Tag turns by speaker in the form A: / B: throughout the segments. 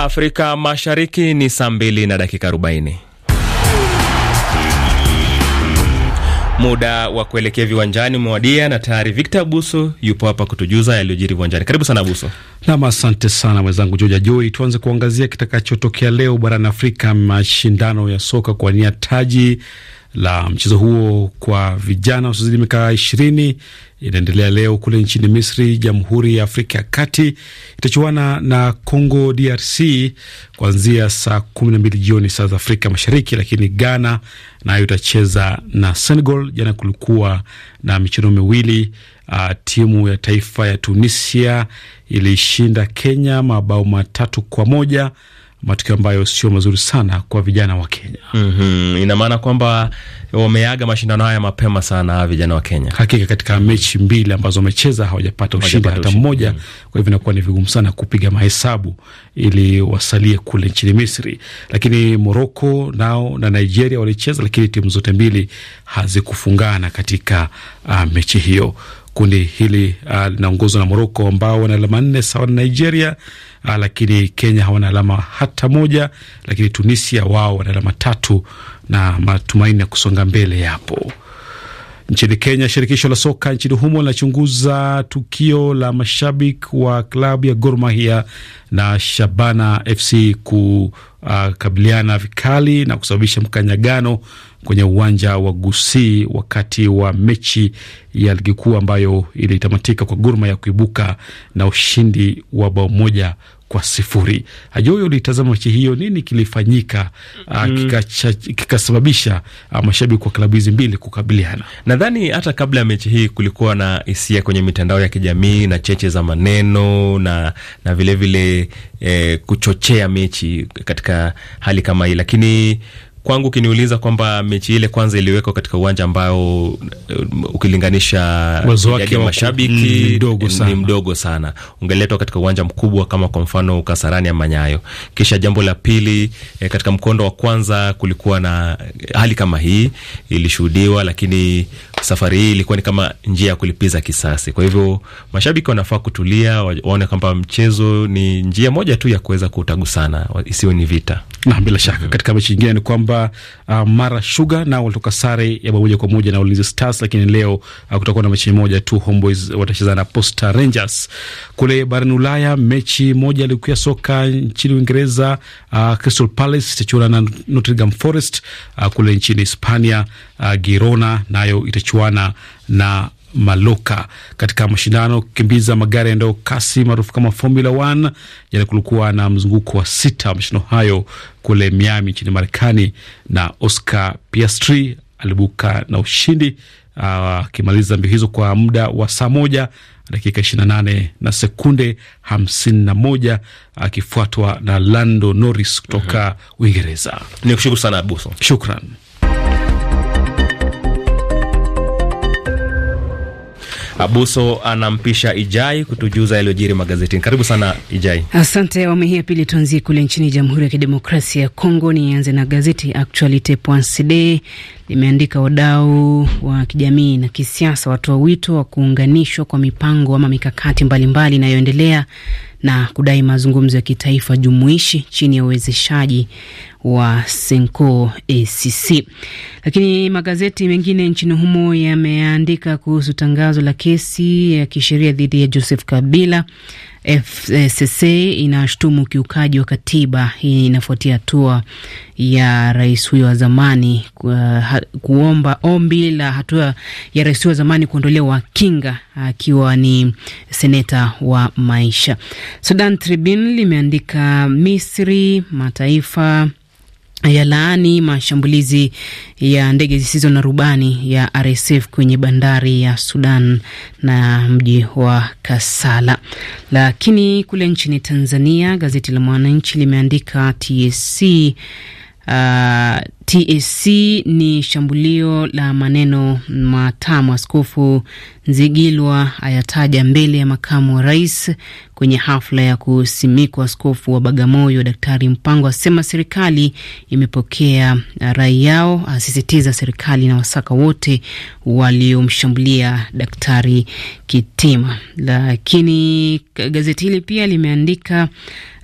A: Afrika Mashariki ni saa mbili na dakika arobaini. Muda wa kuelekea viwanjani umewadia, na tayari Victor buso yupo hapa kutujuza yaliyojiri viwanjani. Karibu sana buso
B: Nam, asante sana mwenzangu Joja Joi. Tuanze kuangazia kitakachotokea leo barani Afrika, mashindano ya soka kuwania taji la mchezo huo kwa vijana wasiozidi miaka ishirini inaendelea leo kule nchini Misri. Jamhuri ya Afrika ya Kati itachuana na Congo DRC kuanzia saa kumi na mbili jioni saa za Afrika Mashariki, lakini Ghana nayo itacheza na Senegal. Jana kulikuwa na michezo miwili. Uh, timu ya taifa ya Tunisia ilishinda Kenya mabao matatu kwa moja matokeo ambayo sio mazuri sana
A: kwa vijana wa Kenya. mm -hmm. Ina maana kwamba wameaga mashindano haya mapema sana vijana wa Kenya. Hakika katika mechi mbili ambazo wamecheza hawajapata ushindi hata mmoja. mm -hmm. Kwa hivyo
B: inakuwa ni vigumu sana kupiga mahesabu ili wasalie kule nchini Misri, lakini Moroko nao na Nigeria walicheza, lakini timu zote mbili hazikufungana katika uh, mechi hiyo. Kundi hili uh, linaongozwa uh, na Moroko ambao wana alama nne sawa na Nigeria uh, lakini Kenya hawana alama hata moja, lakini Tunisia wao wana alama tatu na matumaini ya kusonga mbele yapo. Nchini Kenya, shirikisho la soka nchini humo linachunguza tukio la mashabiki wa klabu ya Gor Mahia na Shabana FC kukabiliana vikali na kusababisha mkanyagano kwenye uwanja wa Gusii wakati wa mechi ya ligi kuu ambayo ilitamatika kwa Gurma ya kuibuka na ushindi wa bao moja kwa sifuri. Haja huyo ulitazama mechi hiyo, nini kilifanyika
A: uh, mm, kikasababisha kika uh, mashabiki wa klabu hizi mbili kukabiliana? Nadhani hata kabla ya mechi hii kulikuwa na hisia kwenye mitandao ya kijamii na cheche za maneno na na vilevile vile, eh, kuchochea mechi katika hali kama hii, lakini kwangu ukiniuliza kwamba mechi ile kwanza iliwekwa katika uwanja ambao uh, ukilinganisha idadi ya mashabiki mdogo ni mdogo sana. Ungeletwa katika uwanja mkubwa kama kwa mfano Kasarani ama Nyayo. Kisha jambo la pili, eh, katika mkondo wa kwanza kulikuwa na eh, hali kama hii ilishuhudiwa, lakini safari hii ilikuwa ni kama njia ya kulipiza kisasi. Kwa hivyo mashabiki wanafaa kutulia, waone kwamba mchezo ni njia moja tu ya kuweza kutagusana, isiwe ni vita. Na bila shaka mm-hmm.
B: Katika mechi nyingine ni kwamba uh, mara Sugar nao walitoka sare ya bao moja kwa moja na Ulinzi Stars, lakini leo uh, kutakuwa na mechi moja tu, Homeboys watacheza na Posta Rangers. Kule barani Ulaya mechi moja ilikuwa soka nchini Uingereza, uh, Crystal Palace itachuana na Nottingham Forest. Uh, kule nchini Hispania, uh, Girona nayo itachuana watachuana na maloka katika mashindano kukimbiza magari yaendao kasi maarufu kama Formula 1. Jana kulikuwa na mzunguko wa sita wa mashindano hayo kule Miami nchini Marekani, na Oscar Piastri alibuka na ushindi akimaliza uh, mbio hizo kwa muda wa saa moja dakika 28 na sekunde 51 akifuatwa na Lando Norris kutoka uh mhm. -huh. Uingereza.
A: Ni kushukuru sana Abuso, shukran. Abuso anampisha Ijai kutujuza yaliyojiri magazetini. Karibu sana Ijai.
C: Asante. Awamu hii ya pili tuanzie kule nchini Jamhuri ya Kidemokrasia ya Kongo. Nianze na gazeti Actualite.cd limeandika wadau wa kijamii na kisiasa watoa wito wa kuunganishwa kwa mipango ama mikakati mbalimbali inayoendelea mbali na kudai mazungumzo ya kitaifa jumuishi chini ya uwezeshaji wa Senko ACC. Lakini magazeti mengine nchini humo yameandika kuhusu tangazo la kesi ya kisheria dhidi ya Joseph Kabila FCC inashtumu ukiukaji wa katiba. Hii inafuatia hatua ya rais huyo wa zamani uh, kuomba ombi la hatua ya rais huyo wa zamani kuondolewa kinga, akiwa ni seneta wa maisha. Sudan Tribune limeandika Misri mataifa ya laani mashambulizi ya ndege zisizo na rubani ya RSF kwenye bandari ya Sudan na mji wa Kasala. Lakini kule nchini Tanzania, gazeti la Mwananchi limeandika TSC Uh, TSC ni shambulio la maneno matamu. Askofu Nzigilwa ayataja mbele ya makamu wa rais kwenye hafla ya kusimikwa askofu wa Bagamoyo Daktari Mpango, asema serikali imepokea rai yao, asisitiza serikali na wasaka wote waliomshambulia Daktari Kitima. Lakini gazeti hili pia limeandika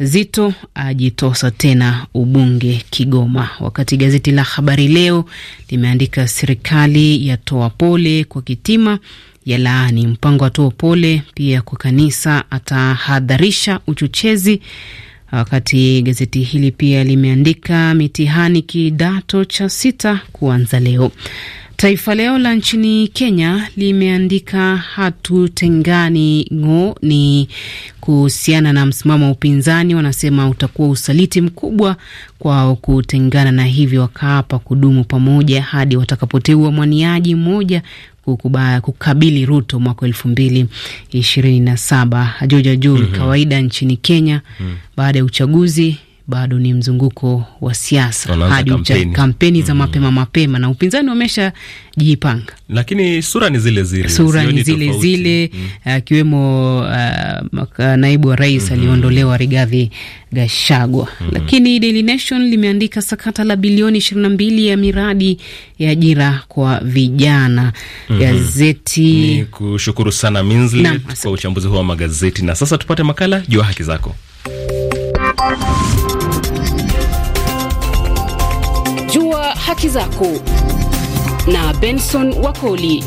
C: Zito ajitosa tena ubunge Kigoma, wakati gazeti la Habari Leo limeandika serikali yatoa pole kwa Kitima yalaani mpango toa pole pia kwa kanisa, atahadharisha uchochezi. Wakati gazeti hili pia limeandika mitihani kidato cha sita kuanza leo. Taifa Leo la nchini Kenya limeandika hatutengani ng'o, ni kuhusiana na msimamo wa upinzani. Wanasema utakuwa usaliti mkubwa kwao kutengana, na hivyo wakaapa kudumu pamoja hadi watakapoteua mwaniaji mmoja kukubaya, kukabili Ruto mwaka elfu mbili ishirini na saba. Ajojo juu mhm. kawaida nchini Kenya mm -hmm. baada ya uchaguzi bado ni mzunguko wa siasa hadi kampeni, kampeni za mm -hmm. mapema mapema, na upinzani wamesha wameshajipanga, lakini
A: sura ni zile zile, sura ni zile tofauti.
C: zile mhm. akiwemo mm -hmm. uh, uh, naibu wa rais mm -hmm. aliondolewa Rigathi Gashagwa mm -hmm. Lakini Daily Nation limeandika sakata la bilioni 22 ya miradi ya ajira kwa vijana mm -hmm. Gazeti ni
A: kushukuru sana Minzli kwa uchambuzi huu wa magazeti, na sasa tupate makala Jua Haki Zako.
C: haki zako na Benson Wakoli.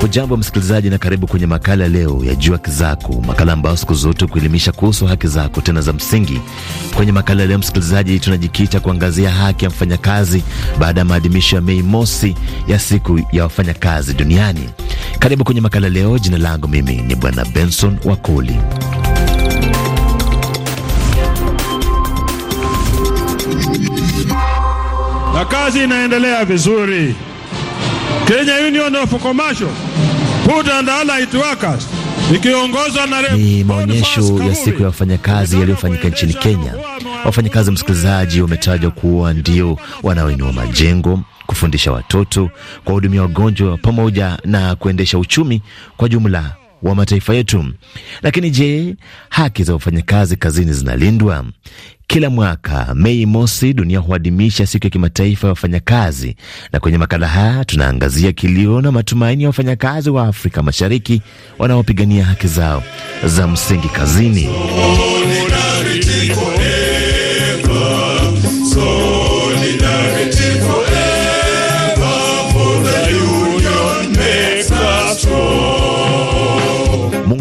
D: Hujambo msikilizaji, na karibu kwenye makala leo ya Jua Haki Zako, makala ambayo siku zote kuelimisha kuhusu haki zako tena za msingi. Kwenye makala leo, msikilizaji, tunajikita kuangazia haki ya mfanyakazi baada ya maadhimisho ya Mei Mosi ya siku ya wafanyakazi duniani. Karibu kwenye makala leo. Jina langu mimi ni Bwana Benson Wakoli.
B: na kazi inaendelea vizuri. Kenya Union of Commercial Food and Allied Workers ikiongozwa na
D: ni maonyesho ya siku ya wafanyakazi yaliyofanyika nchini Kenya. Wafanyakazi msikilizaji, wametajwa kuwa ndio wanaoinua majengo, kufundisha watoto, kuwahudumia wagonjwa, pamoja na kuendesha uchumi kwa jumla wa mataifa yetu. Lakini je, haki za wafanyakazi kazini zinalindwa? Kila mwaka Mei Mosi, dunia huadhimisha siku ya kimataifa ya wafanyakazi, na kwenye makala haya tunaangazia kilio na matumaini ya wafanyakazi wa Afrika Mashariki wanaopigania haki zao za msingi kazini.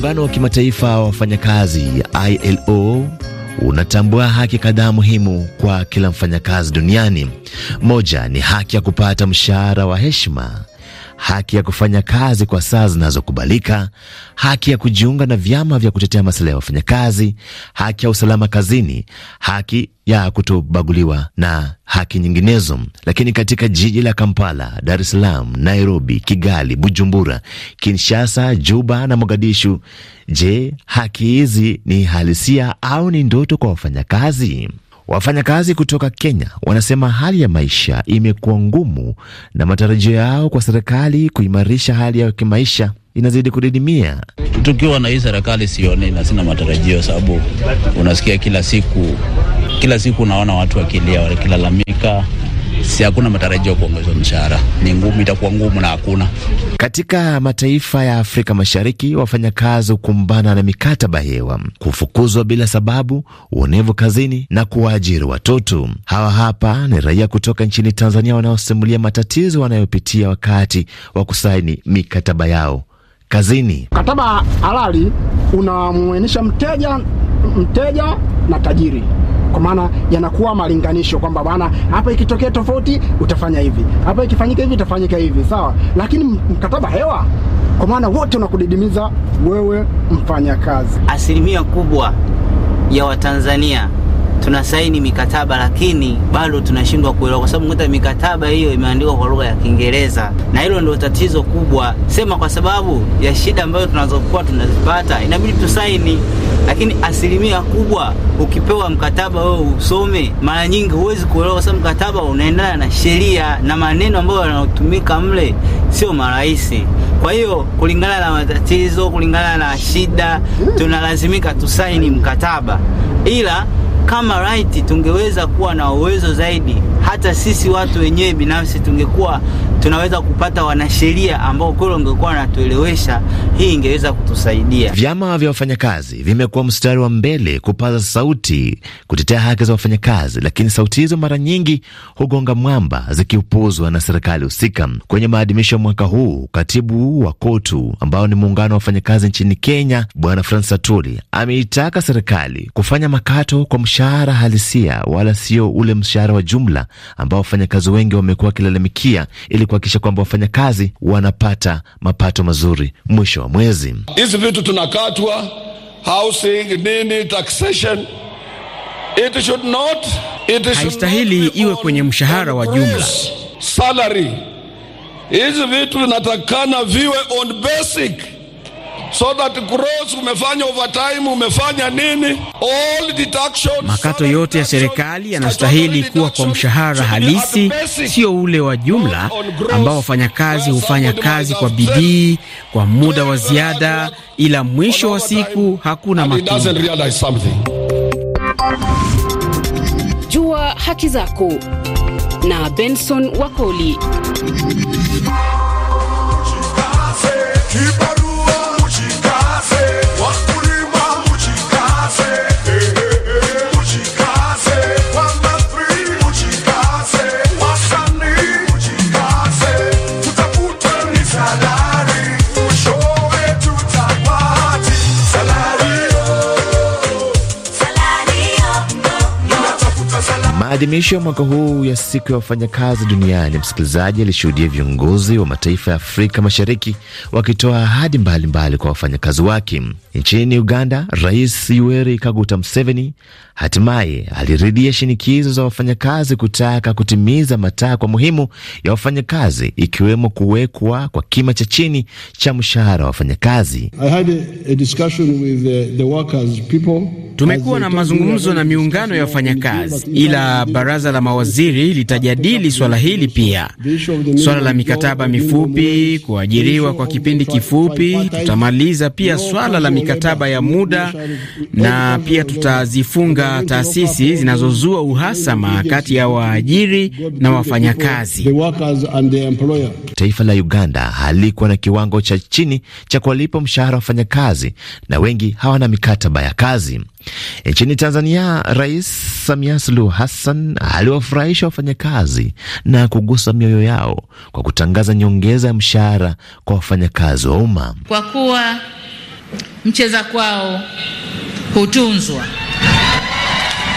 D: Muungano wa Kimataifa wa Wafanyakazi ILO unatambua haki kadhaa muhimu kwa kila mfanyakazi duniani. Moja ni haki ya kupata mshahara wa heshima haki ya kufanya kazi kwa saa zinazokubalika, haki ya kujiunga na vyama vya kutetea masuala ya wafanyakazi, haki ya usalama kazini, haki ya kutobaguliwa na haki nyinginezo. Lakini katika jiji la Kampala, Dar es Salaam, Nairobi, Kigali, Bujumbura, Kinshasa, Juba na Mogadishu, je, haki hizi ni halisia au ni ndoto kwa wafanyakazi? Wafanyakazi kutoka Kenya wanasema hali ya maisha imekuwa ngumu na matarajio yao kwa serikali kuimarisha hali ya kimaisha inazidi kudidimia. Tukiwa na hii serikali sioni na sina matarajio, sababu unasikia kila siku, kila siku unaona watu wakilia wakilalamika si hakuna matarajio ya kuongezwa mshahara, ni ngumu, itakuwa ngumu na hakuna. Katika mataifa ya Afrika Mashariki, wafanyakazi hukumbana na mikataba hewa, kufukuzwa bila sababu, uonevu kazini na kuwaajiri watoto. Hawa hapa ni raia kutoka nchini Tanzania wanaosimulia matatizo wanayopitia wakati wa kusaini mikataba yao kazini.
B: Mkataba halali unamwenyesha mteja mteja na tajiri kwa maana yanakuwa malinganisho kwamba bwana, hapa ikitokea tofauti utafanya hivi, hapa ikifanyika hivi utafanyika hivi, sawa. Lakini mkataba hewa, kwa maana wote unakudidimiza wewe mfanyakazi.
C: Asilimia kubwa ya Watanzania tunasaini mikataba lakini bado tunashindwa kuelewa, kwa sababu ngota mikataba hiyo imeandikwa kwa lugha ya Kiingereza, na hilo ndio tatizo kubwa sema, kwa sababu ya shida ambayo tunazokuwa tunazipata, inabidi tusaini. Lakini asilimia kubwa ukipewa mkataba wewe usome, mara nyingi huwezi kuelewa, kwa sababu mkataba unaendana na sheria na maneno ambayo yanatumika mle sio marahisi. Kwa hiyo kulingana na matatizo, kulingana na shida, tunalazimika tusaini mkataba ila kama right tungeweza kuwa na uwezo zaidi hata sisi watu wenyewe binafsi tungekuwa tunaweza kupata wanasheria ambao kweli wangekuwa wanatuelewesha, hii ingeweza kutusaidia.
D: Vyama vya wafanyakazi vimekuwa mstari wa mbele kupaza sauti kutetea haki za wafanyakazi, lakini sauti hizo mara nyingi hugonga mwamba, zikiupuzwa na serikali husika. Kwenye maadhimisho ya mwaka huu, katibu wa KOTU ambao ni muungano wa wafanyakazi nchini Kenya, Bwana Francis Atuli ameitaka serikali kufanya makato kwa mshahara halisia, wala sio ule mshahara wa jumla ambao wafanyakazi wengi wamekuwa wakilalamikia ili kuhakikisha kwamba wafanyakazi wanapata mapato mazuri mwisho wa mwezi.
B: Hizi vitu tunakatwa housing nini taxation it should not, it should haistahili not iwe kwenye mshahara wa jumla salary. Hizi vitu vinatakana viwe on basic so that gross umefanya overtime, umefanya nini, all deductions. Makato yote ya serikali yanastahili kuwa kwa mshahara halisi, sio ule wa jumla ambao wafanyakazi hufanya kazi kwa bidii kwa muda wa ziada, ila mwisho wa siku hakuna makini.
C: Jua haki zako na Benson Wakoli.
D: Maadhimisho ya mwaka huu ya siku ya wafanyakazi duniani, msikilizaji, alishuhudia viongozi wa mataifa ya Afrika Mashariki wakitoa ahadi mbalimbali kwa wafanyakazi wake. Nchini Uganda, Rais Yoweri Kaguta Museveni hatimaye aliridhia shinikizo za wafanyakazi kutaka kutimiza matakwa muhimu ya wafanyakazi ikiwemo kuwekwa kwa kima cha chini cha mshahara wa wafanyakazi. Tumekuwa na mazungumzo na
B: miungano ya wafanyakazi, ila baraza la mawaziri litajadili swala hili pia. Swala la mikataba mifupi, kuajiriwa kwa kipindi kifupi, tutamaliza pia swala la mikataba ya muda na pia tutazifunga taasisi zinazozua uhasama kati ya waajiri
D: na wafanyakazi. Taifa la Uganda halikuwa na kiwango cha chini cha kuwalipa mshahara wa wafanyakazi na wengi hawana mikataba ya kazi. E, nchini Tanzania, Rais Samia Suluhu Hassan aliwafurahisha wafanyakazi na kugusa mioyo yao kwa kutangaza nyongeza ya mshahara kwa wafanyakazi wa umma
C: kwa kuwa mcheza kwao hutunzwa.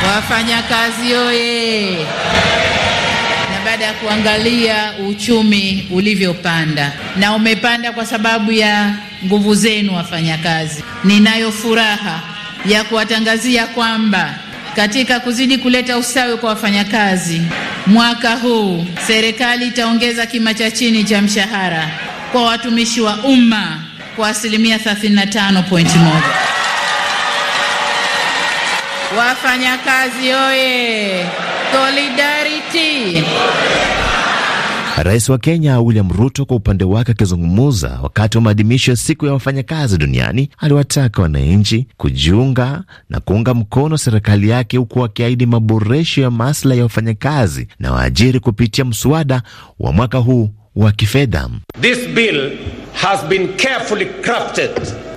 C: Wafanyakazi oye! Na baada ya kuangalia uchumi ulivyopanda, na umepanda kwa sababu ya nguvu zenu wafanyakazi, ninayo furaha ya kuwatangazia kwamba katika kuzidi kuleta usawi kwa wafanyakazi, mwaka huu serikali itaongeza kima cha chini cha mshahara kwa watumishi wa umma kwa asilimia 35.1. Wafanyakazi oye! Solidarity!
D: Rais wa Kenya William Ruto kwa upande wake, akizungumza wakati wa maadhimisho ya siku ya wafanyakazi duniani, aliwataka wananchi kujiunga na kuunga mkono serikali yake, huku akiahidi maboresho ya maslahi ya wafanyakazi na waajiri kupitia mswada wa mwaka huu wa kifedha.
B: This bill has been carefully crafted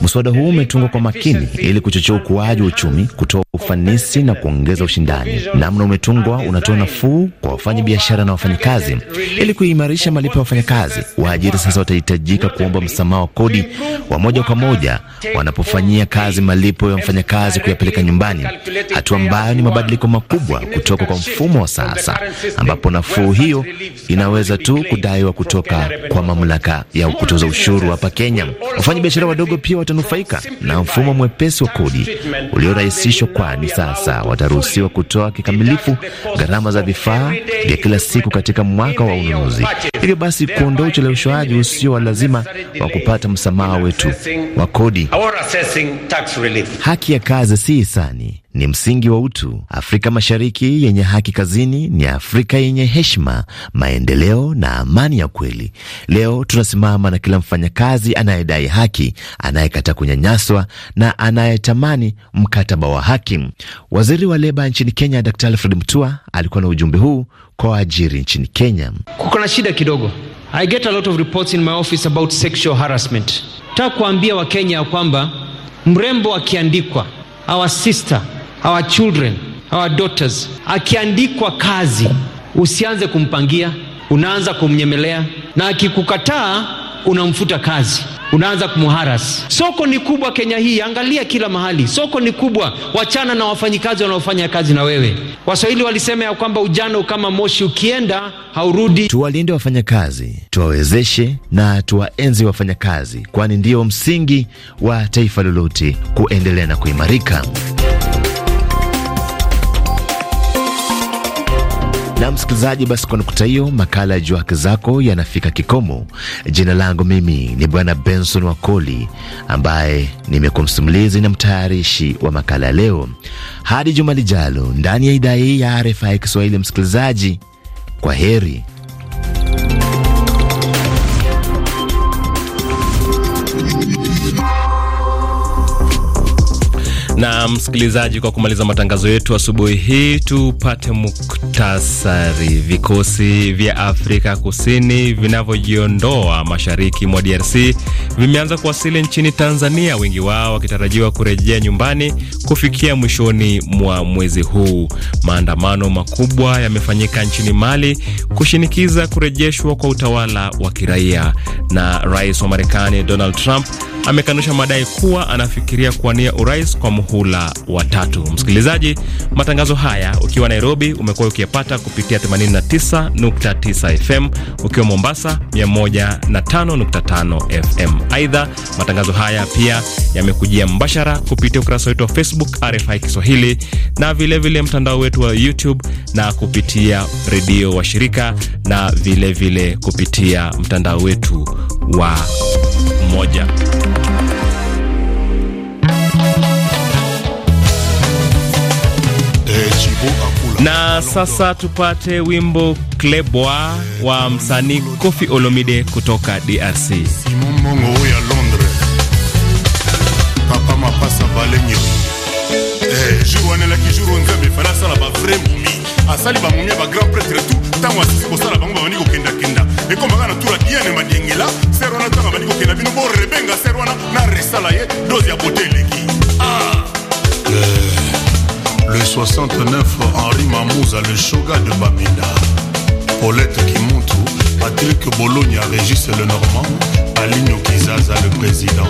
D: Mswada huu umetungwa kwa makini ili kuchochea ukuaji wa uchumi, kutoa ufanisi na kuongeza ushindani. Namna umetungwa unatoa nafuu kwa wafanya biashara na wafanyakazi, ili kuimarisha malipo ya wafanyakazi. Waajiri sasa watahitajika kuomba msamaha wa kodi wa moja kwa moja wanapofanyia kazi malipo ya mfanyakazi kuyapeleka nyumbani, hatua ambayo ni mabadiliko makubwa kutoka kwa mfumo wa sasa, ambapo nafuu hiyo inaweza tu kudaiwa kutoka kwa mamlaka ya kutoza ushuru hapa Kenya. biashara wadogo pia watanufaika na mfumo mwepesi wa kodi uliorahisishwa, kwani sasa wataruhusiwa kutoa kikamilifu gharama za vifaa vya kila siku katika mwaka wa ununuzi, hivyo basi kuondoa ucheleweshaji usio wa lazima wa kupata msamaha wetu wa kodi. Haki ya kazi si hisani ni msingi wa utu. Afrika Mashariki yenye haki kazini ni Afrika yenye heshima, maendeleo na amani ya kweli. Leo tunasimama na kila mfanyakazi anayedai haki, anayekataa kunyanyaswa na anayetamani mkataba wa haki. Waziri wa leba nchini Kenya d Alfred Mutua alikuwa na ujumbe huu kwa waajiri nchini Kenya. Kuko na shida kidogo. I get a lot of reports in my office about sexual harassment. kuambia Wakenya ya kwamba mrembo akiandikwa,
B: our sister our children, our daughters. Akiandikwa kazi,
D: usianze kumpangia, unaanza kumnyemelea, na akikukataa unamfuta kazi, unaanza kumuharas Soko ni kubwa Kenya hii, angalia kila mahali, soko ni kubwa. Wachana na wafanyikazi wanaofanya kazi na wewe. Waswahili walisema ya kwamba ujana kama moshi, ukienda haurudi. Tuwalinde wafanyakazi, tuwawezeshe na tuwaenzi wafanyakazi, kwani ndio msingi wa taifa lolote kuendelea na kuimarika. msikilizaji, basi kwa nukta hiyo, makala ya Jua Haki Zako yanafika kikomo. Jina langu mimi ni Bwana Benson Wakoli, ambaye nimekuwa msimulizi na mtayarishi wa makala ya leo. Hadi juma lijalo ndani ya idhaa hii ya RFI ya Kiswahili, msikilizaji, kwa heri.
A: Na msikilizaji, kwa kumaliza matangazo yetu asubuhi hii, tupate muktasari. Vikosi vya Afrika Kusini vinavyojiondoa mashariki mwa DRC vimeanza kuwasili nchini Tanzania, wengi wao wakitarajiwa kurejea nyumbani kufikia mwishoni mwa mwezi huu. Maandamano makubwa yamefanyika nchini Mali kushinikiza kurejeshwa kwa utawala wa kiraia. Na rais wa Marekani Donald Trump amekanusha madai kuwa anafikiria kuwania urais kwa muhula wa tatu. Msikilizaji, matangazo haya ukiwa Nairobi umekuwa ukiyapata kupitia 89.9 FM, ukiwa Mombasa 105.5 FM. Aidha, matangazo haya pia yamekujia mbashara kupitia ukurasa wetu wa Facebook RFI Kiswahili na vilevile mtandao wetu wa YouTube na kupitia redio wa shirika na vilevile vile kupitia mtandao wetu wa Moja. Na sasa tupate wimbo Klebwa wa msanii Koffi Olomide kutoka DRC.
E: Simon Mongo ya Londres. Papa eh, Asali ba ba grand prêtre tout. Tango asisi kosala bango ba niko ekomaka na tura diane madiengela ser wana ntango abandi kokenda bino borebenga ser wana na resala ye dozi ya bote eleki ah. Le 69, Henri Mamouza, le Shoga de Bamenda. Paulette Kimuntu, Patrick Bologna, régisse le Normand, Aligno Kizaza, le président.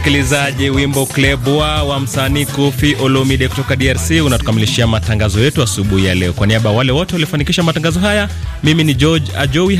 A: msikilizaji, wimbo klebwa wa msanii kofi Olomide kutoka DRC unatukamilishia matangazo yetu asubuhi ya leo. Kwa niaba ya wale wote waliofanikisha matangazo haya, mimi ni George Ajowi